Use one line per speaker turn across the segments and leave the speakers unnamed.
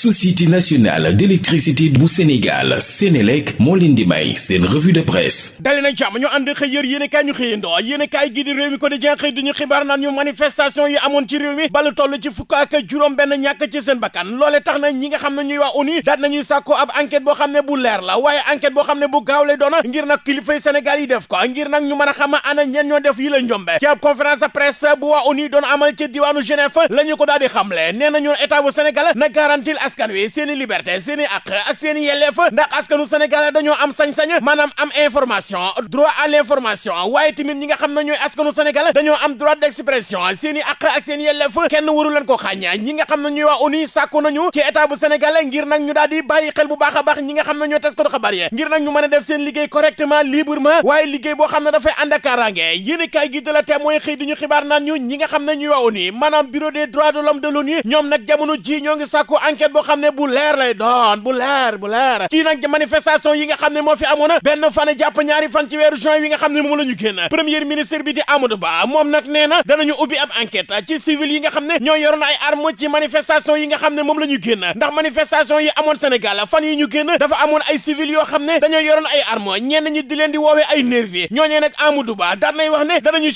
société nationale d'électricité bu Sénégal Sénélec moo leen di may seen revue de presse dali nañ jàmm ñu ànd xëy yër i kaay ñu xëyandoo yéen i kaay gi mi ko di jenxëy di ñu xibaar naan ñu manifestation yi amoon ci réew mi bala toll ci fukk juróom benn ñàkk ci seen bakkan loole tax na ñi nga xam ne ñuy waa ONU daat nañuy sàkko ab enquête boo xam ne bu leer la waaye enquête boo xam ne bu gaaw lay doona ngir nag kilifay Sénégal yi def ko ngir nag de presse ko daal di xamle nee nañu askan wi seen i liberté seen i àq ak seen i yelleef ndax askanu Sénégal dañoo am sañ-sañ am information droit à l'information waaye tamit ñi nga xam ne ñooy askanu Sénégal dañoo am droit d'expression seen i àq ak seen i kenn waru leen ko xàññe ñi xam ne ñuy waa ONU sàkku nañu ci état bu Sénégal ñu daal di xel bu baax a baax ñi nga xam ne ñooy taskatu xabaar yi ngir ñu mën a def seen liggéey correctement librement waaye liggéey boo xam ne dafay ànd ak kaaraange yéen kaay gi de la témoin xëy di ñu boo xam ne bu leer lay doon bu leer bu leer ci nag manifestation yi nga xam ne moo fi amoon benn fan ñaari fan ci weeru juin wi nga xam ne moom la ñu génn premier ministre bi di Amadou Ba moom nag nee na danañu ubbi ab enquête ci civil yi nga xam ne ñoo yoroon ay armes ci manifestation yi nga xam ne moom la ñu génn ndax manifestation yi amoon Sénégal fan yi ñu génn dafa amoon ay civil yoo xam ne dañoo yoroon ay armes ñenn ñi di leen di woowee ay nervi ñooñee nag Amadou Ba daan nay wax ne danañu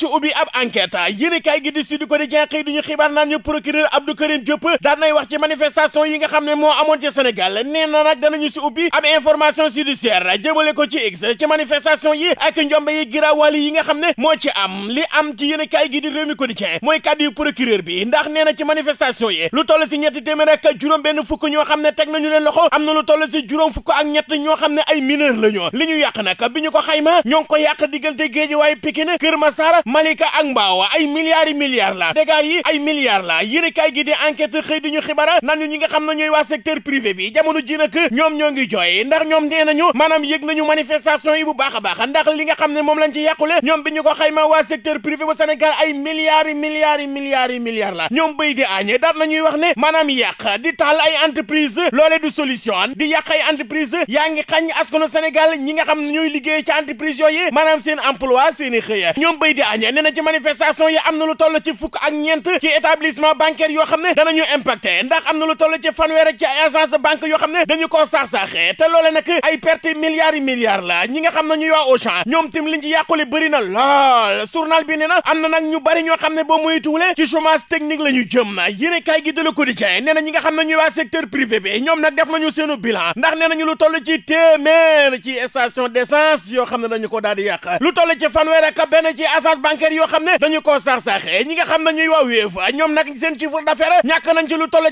ñu procureur Abdou Karim Diop daan nay wax ci manifestation yi xam ne moo amoon ci Sénégal nee na nag danañu si ubbi am information judiciaire jëmale ko ci ex ci manifestation yi ak njombe yi giraawaali yi nga xam ne moo ci am li am ci yéen kaay gi di Rewmi Quotidien mooy kàddu yu procureur bi ndax nee na ci manifestation yi lu toll si ñetti téeméer ak juróom benn fukk ñoo xam ne teg nañu leen loxo am na lu toll si juróom fukk ak ñett ñoo xam ne ay mineur la ñoo li ñu yàq nag bi ñu ko xayma ñoo ngi ko yàq diggante Guédiawaye Pikine Kër Massar Malika ak Mbao ay milliards yi milliards la dégâts yi ay milliards la yéen kaay gi di enquête xëy di ñu xibara naan ñu ñi nga xam ne ñooy waa secteur privé bi jamono ji nag ñoom ñoo ngi jooy ndax ñoom nee nañu maanaam yëg nañu manifestation yi bu baax a ndax li nga xam ne moom lañ ci yàqule ñoom bi ñu ko xayma waa secteur privé bu Sénégal ay milliards yi milliards yi milliards yi milliards la ñoom béy di añe daat nañuy wax ne maanaam yàq di taal ay entreprise loole du solution di yàq ay entreprise yaa ngi xañ askanu Sénégal ñi nga xam ne ñooy liggéey ci entreprise yooyu maanaam seen emploi yoo xam ne danañu fanweer ak ci ay agence yoo xam ne dañu koo saax te loole nag ay perte milliards yi milliards la ñi nga xam ne ñu waa Auchan ñoom tim liñ yàqule bëri na lool bi ne na am na nag ñu bëri ñoo xam ne ba muy tuule ci chômage technique la ñu jëm yéene kaay gi de Le Quotidien nee na ñi nga xam ne ñuy waa secteur privé bi ñoom nag def nañu seenu bilan ndax nee nañu lu toll ci téeméer ci station d'essence yoo xam ne dañu ko daal di lu toll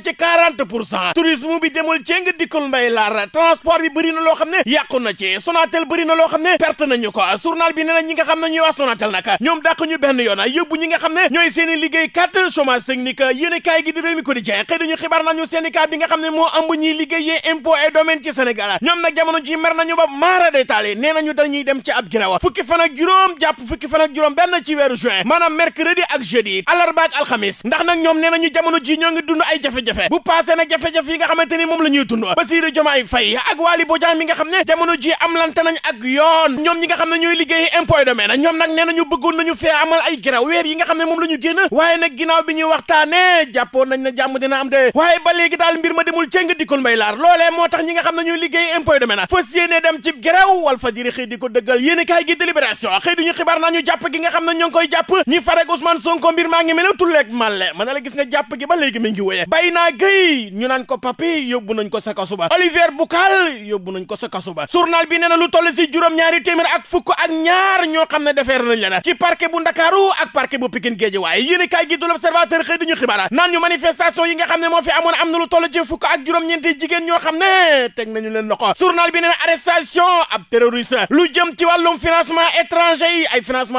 ci laara tourisme bi demul ceng dikkul mbay laara transport bi bëri loo xam ne yàqu na ci Sonatel bëri na loo xam ne perte nañu ko journal bi nee na ñi nga xam ne ñuy wax Sonatel nag ñoom nee nañu dañuy dem ci ab girawa fukki fan ak juróom jàpp fukki fan ak juróom benn ji ñoo ngi dund ay jafe-jafe bu passé na jafe jafe-jafe yi nga ni moom la ñuy dund Bassirou Diomaye Faye ak Waly am lante nañ ak yoon ñoom ne ñooy liggéey impôt domaine ñoom nag nee nañu bëggoon moom la ñu génn waaye nag ginnaaw bi ñuy waxtaane jàppoon nañ na jàmm dina am de waaye ba léegi daal mbir ma demul cëng dikkul mbay laar loolee moo tax ñi nga xam ne ñooy liggéey impôt domaine fas yéene dem ci grève wal fajiri xëy di ko dëggal yéene kaay gi délibération xëy duñu xibaar naa jàpp gi nga xam ne ñoo ngi koy jàpp ñi farek Ousmane Sonko mbir maa ngi mel ne tulleeg màlle mën la gis nga jàpp gi ba léegi mi ngi wéye bay naa gëy ñu naan naan ko papi yóbbu nañ ko sa kaso ba Olivier Boucal yóbbu nañ ko sa kaso ba journal lu toll si juróom-ñaari téeméer ak fukk ak ñaar ñoo xam ne defeer nañ leen ci parquet bu Ndakaaru ak parquet bu Pikine Guédiawaye yéen kaay gi du l'Observateur xëy diñu xibaar naan ñu manifestation yi nga xam ne moo fi amoon am na lu toll ci fukk ak juróom-ñeenti jigéen ñoo xam ne teg nañu leen loxo journal bi nee na arrestation ab terroriste lu jëm ci wàllum financement étranger yi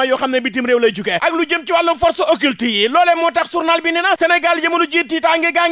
yoo xam ne bitim réew lay jugee ak lu moo tax na Sénégal jamono ji tiitaange gaa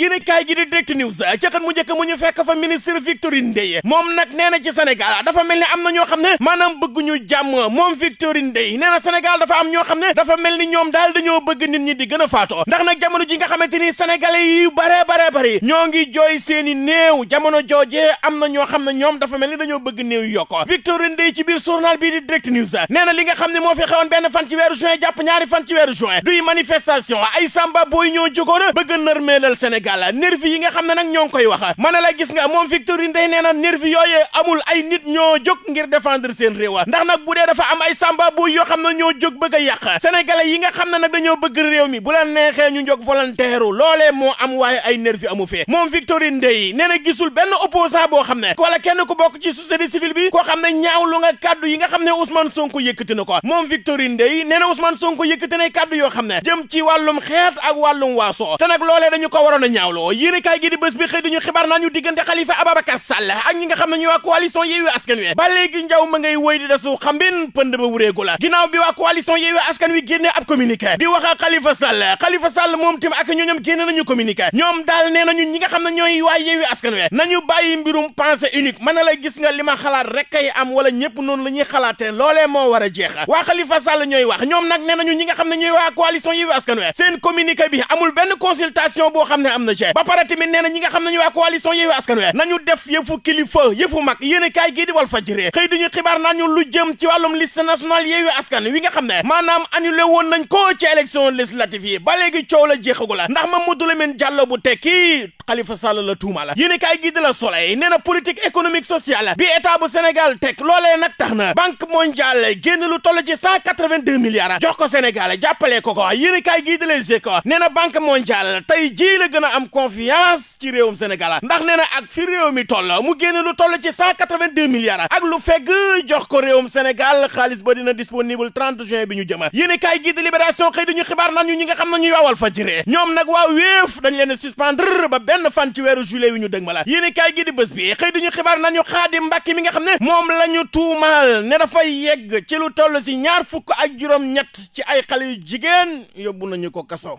yéen a kaay gi di direct news ca xët mu njëkk mu ñu fekk fa ministre Victorine Ndeye moom nag nee na ci Sénégal dafa mel ni am na ñoo xam ne maanaam bëgguñu jàmm moom Victorine Ndeye nee na Sénégal dafa am ñoo xam ne dafa mel ni ñoom daal dañoo bëgg nit ñi di gën a faatoo ndax nag jamono ji nga xamante ni senegal yi bare bare bare ñoo ngi jooy seeni néew jamono jooje am na ñoo xam ne ñoom dafa mel ni dañoo bëgg néew yokko Victorine Ndeye ci biir journal bii di direct news nee na li nga xam ne moo fi xewoon benn fan ci weeru juin jàpp ñaari fan ci weeru juin duy manifestation ay samba booy ñoo jógoona bëgg nërmeelal Sénégal Sénégal nervi yi nga xam ne nag ñoo ngi koy wax ma ne la gis nga moom Victorine day nee na nervi yooyee amul ay nit ñoo jóg ngir défendre seen réew ndax nag bu dee dafa am ay samba bu yoo xam ne ñoo jóg bëgg a yàq sénégalais yi nga xam ne nag dañoo bëgg réew mi bu la neexee ñu jóg volontaire loole moo am waaye ay nervi amu fee moom Victorine Ndeye nee na gisul benn opposant boo xam ne wala kenn ku bokk ci société civile bi koo xam ne ñaawlu nga kàddu yi nga xam ne Ousmane Sonko yëkkati na ko moom Victorine Ndeye nee na Ousmane Sonko yëkkati na kàddu yoo xam ne jëm ci wàllum xeet ak wàllum waaso te nag loolee dañu ko waroon a ñaawloo yéene kaay gi di bés bi xëy dañu xibaar naan ñu diggante Khalifa Ababacar Sall ak ñi nga xam ne ñuy waa coalition Yewwi Wi Askan Wi nañu communiqué mbirum pensée unique mën na gis nga li xalaat rek kay am wala ñëpp noonu la ñuy xalaate loolee moo war a jeex waa Khalifa Sall ñooy wax ñoom nag nee nañu ñi nga xam ne ñooy waa coalition Yewwi Askan Wi seen communiqué bi amul benn consultation boo xam ne am na na ci ba pare tamit nee na ñi nga xam ne ñu waa coalition Yewwi Askan Wi nañu def yëfu kilifa yëfu mag yéen kaay gii di Walf Fadjri xëy duñu xibaar naan ñu lu jëm ci wàllum liste nationale Yewwi Askan Wi nga xam ne maanaam annulé woon nañ ko ci élection législative yi ba léegi coow la jeexagu la ndax Mamadou Lamine Diallo bu tekki Khalifa Sall la tuuma la yéen kaay gii di na politique économique sociale bi état bu Sénégal teg nag tax na banque am confiance ci réewum Sénégal ndax nee na ak fi réew mi toll mu génn lu toll ci cent quatre-vingt-deux milliards ak lu fegg jox ko réewum Sénégal xaalis ba dina disponible 30 juin bi ñu jëm yéen kaay gi de libération xëy dañu xibaar naan ñu ñi nga xam ne ñuy waawal fa jiree ñoom nag waa wéef dañ leen suspendre ba benn fan ci weeru juillet wi ñu dëg ma la yéen kaay gi di bés bi xëy dañu xibaar naan ñu Xaadim Mbàkke mi nga xam ne moom la ñu tuumaal ne dafa yegg ci lu toll si ñaar fukk ak juróom-ñett ci ay xale yu jigéen yóbbu nañu ko kaso